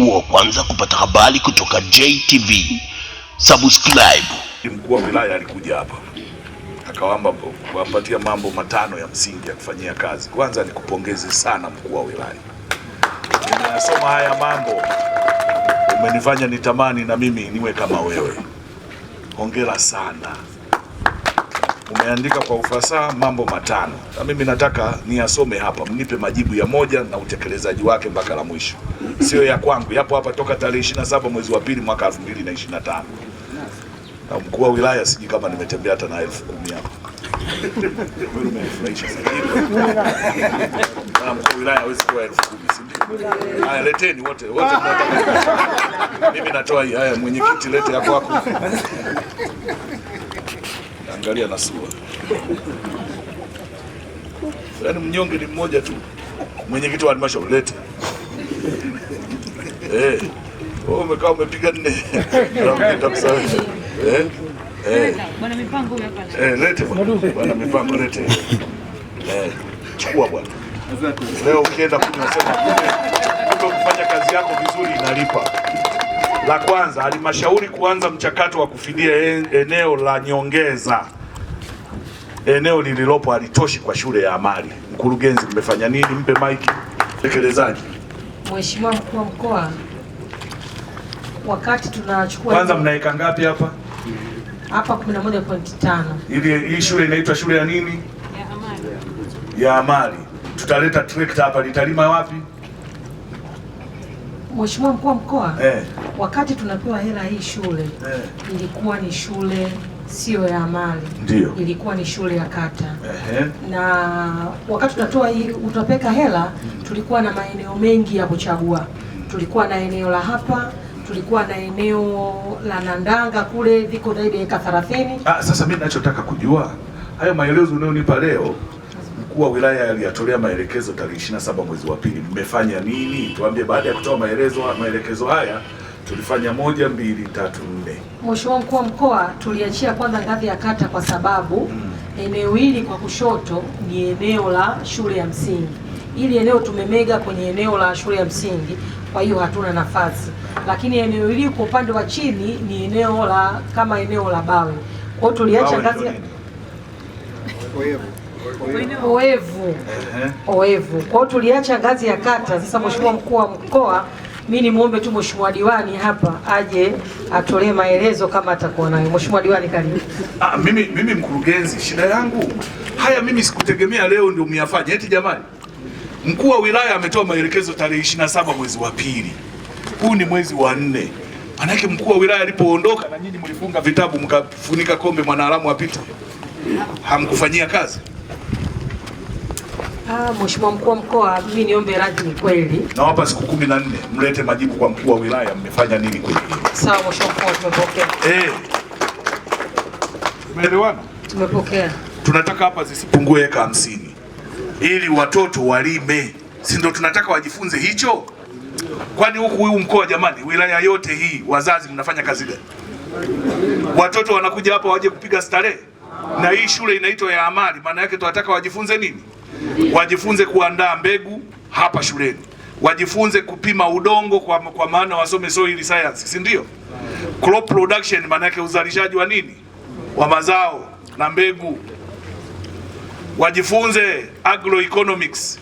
uwe wa kwanza kupata habari kutoka JTV. Subscribe. Mkuu wa wilaya alikuja hapa akawaamba kuwapatia mambo matano ya msingi ya kufanyia kazi. Kwanza ni kupongeze sana mkuu wa wilaya, nimeyasoma haya mambo, umenifanya nitamani na mimi niwe kama wewe. Hongera sana umeandika kwa ufasaha mambo matano, na mimi nataka niyasome hapa, mnipe majibu ya moja na utekelezaji wake mpaka la mwisho, sio ya kwangu, yapo hapa toka tarehe 27 mwezi wa pili mwaka 2025 na mkuu wa wilaya, sijui kama nimetembea hata na elfu kumi hapa mkuu wa wilaya hawezi kuwa Haya, leteni wote wote, mimi natoa hii. Haya, mwenyekiti, lete ya kwako angalia na sura. Yaani mnyonge ni mmoja tu, mwenyekiti wa halmashauri lete. Eh. Wewe umekaa umepiga nne. Nitakusamehe. Eh? Eh. Bwana mipango huyu hapa. Eh, lete bwana mipango lete. Eh. Chukua bwana. Leo ukienda kunasema kufanya kazi yako vizuri inalipa. La kwanza, halmashauri kuanza mchakato wa kufidia e, eneo la nyongeza. Eneo lililopo halitoshi kwa shule ya amali. Mkurugenzi, mmefanya nini? Mpe maiki tekelezaji. Mheshimiwa mkuu wa mkoa, wakati tunachukua kwanza, mnaeka ngapi hapa hapa? 11.5. Ili hii shule inaitwa shule ya nini? Ya amali, ya amali. Tutaleta trekta hapa, litalima wapi? Mheshimiwa mkuu wa mkoa eh, wakati tunapewa hela hii shule eh, ilikuwa ni shule siyo ya amali, ndio ilikuwa ni shule ya kata eh, na wakati tunatoa hii utapeka hela, mm. tulikuwa na maeneo mengi ya kuchagua. Mm. Tulikuwa na eneo la hapa tulikuwa na eneo la Nandanga kule, viko zaidi ya eka 30. Ah, sasa mimi ninachotaka kujua hayo maelezo unayonipa leo mkuu wa wilaya aliyatolea maelekezo tarehe 27 mwezi wa pili, mmefanya nini? Tuambie, baada ya kutoa maelezo maelekezo haya tulifanya moja, mbili, tatu, nne. Mheshimiwa mkuu wa mkoa, tuliachia kwanza ngazi ya kata kwa sababu mm. eneo hili kwa kushoto ni eneo la shule ya msingi, ili eneo tumemega kwenye eneo la shule ya msingi, kwa hiyo hatuna nafasi, lakini eneo hili kwa upande wa chini ni eneo la kama eneo la bawe, kwa hiyo tuliacha ngazi ya oevu oevu. Kwa hiyo tuliacha ngazi ya kata. Sasa mheshimiwa mkuu wa mkoa, mimi nimwombe tu mheshimiwa diwani hapa aje atolee maelezo kama atakuwa nayo. Mheshimiwa diwani, karibu. Ah, mimi, mimi mkurugenzi, shida yangu haya, mimi sikutegemea leo ndio myafanye. Eti jamani, mkuu wa wilaya ametoa maelekezo tarehe 27 mwezi wa pili, huu ni mwezi wa nne. Manake mkuu wa wilaya alipoondoka, na nyinyi mlifunga vitabu mkafunika kombe, mwanaharamu apite, hamkufanyia kazi. Mheshimiwa mkuu wa mkoa, mimi niombe radhi, ni kweli nawapa siku kumi na nne mlete majibu kwa mkuu wa wilaya, mmefanya nini kweli? hili. Sawa mheshimiwa mkuu, tumepokea. Eh, umeelewana? Tumepokea. Tunataka hapa zisipungue eka hamsini ili watoto walime, si ndio? Tunataka wajifunze hicho. Kwani huku huu mkoa jamani, wilaya yote hii, wazazi mnafanya kazi gani? Watoto wanakuja hapa waje kupiga starehe, na hii shule inaitwa ya amali, maana yake tunataka wajifunze nini? wajifunze kuandaa mbegu hapa shuleni, wajifunze kupima udongo kwa, kwa maana wasome soil science, si ndio? Crop production maana yake uzalishaji wa nini, wa mazao na mbegu. Wajifunze agroeconomics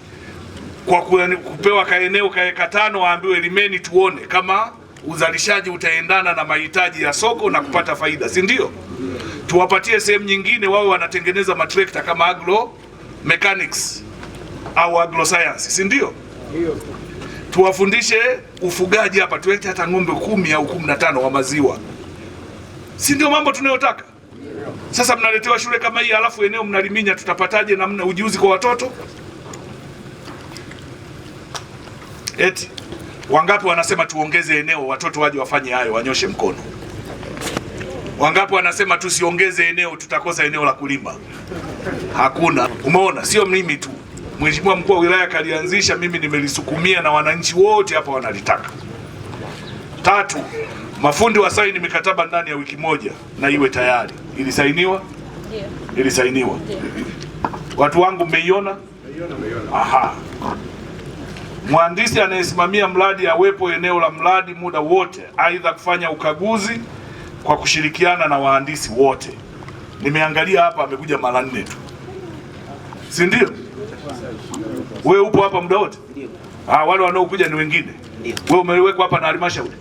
kwa kupewa kaeneo kaeka tano, waambiwe limeni tuone kama uzalishaji utaendana na mahitaji ya soko na kupata faida, si ndio? Tuwapatie sehemu nyingine wao wanatengeneza matrekta kama agro mechanics au science, si ndio? Tuwafundishe ufugaji hapa, tuwete hata ng'ombe kumi au kumi na tano wa maziwa, si ndio mambo tunayotaka? Sasa mnaletewa shule kama hii, alafu eneo mnaliminya, tutapataje namna ujuzi kwa watoto? Eti wangapi wanasema tuongeze eneo, watoto waje wafanye hayo, wanyoshe mkono. Wangapi wanasema tusiongeze eneo, tutakosa eneo la kulima? Hakuna. Umeona, sio mimi tu, mheshimiwa mkuu wa wilaya kalianzisha, mimi nimelisukumia na wananchi wote hapa wanalitaka. Tatu, mafundi wasaini mikataba ndani ya wiki moja na iwe tayari. Ilisainiwa, ilisainiwa. Watu wangu mmeiona? Aha. Mhandisi anayesimamia mradi awepo eneo la mradi muda wote, aidha kufanya ukaguzi kwa kushirikiana na wahandisi wote. Nimeangalia hapa amekuja mara nne tu, si ndio? Wewe upo hapa muda wote? Ah, wale wanaokuja ni wengine. Wewe umewekwa hapa na halmashauri?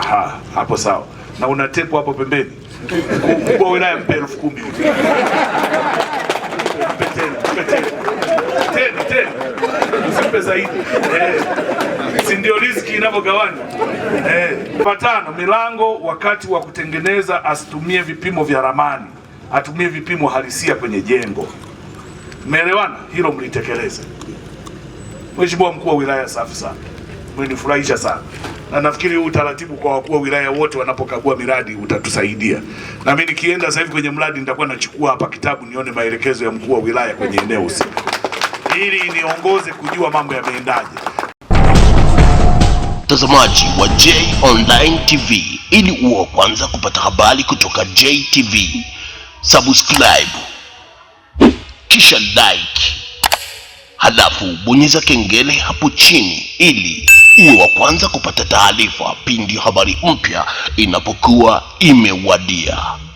Aha, hapo sawa. Na una hapo pembeni mkubwa wa wilaya, mpe elfu kumi tena, tena tena tena, usimpe zaidi eh inavyogawanywa eh. Patano, milango wakati wa kutengeneza asitumie vipimo vya ramani, atumie vipimo halisia kwenye jengo. Mmeelewana? Hilo mlitekeleze. Mheshimiwa mkuu wa wilaya, safi sana, mmenifurahisha sana na nafikiri huu utaratibu kwa wakuu wa wilaya wote wanapokagua miradi utatusaidia. Na mimi nikienda sasa hivi kwenye mradi nitakuwa nachukua hapa kitabu nione maelekezo ya mkuu wa wilaya kwenye eneo husika, ili niongoze kujua mambo yameendaje mtazamaji wa J Online TV, ili uwe kwanza kupata habari kutoka JTV, subscribe kisha like, halafu bonyeza kengele hapo chini ili uwe wa kwanza kupata taarifa pindi habari mpya inapokuwa imewadia.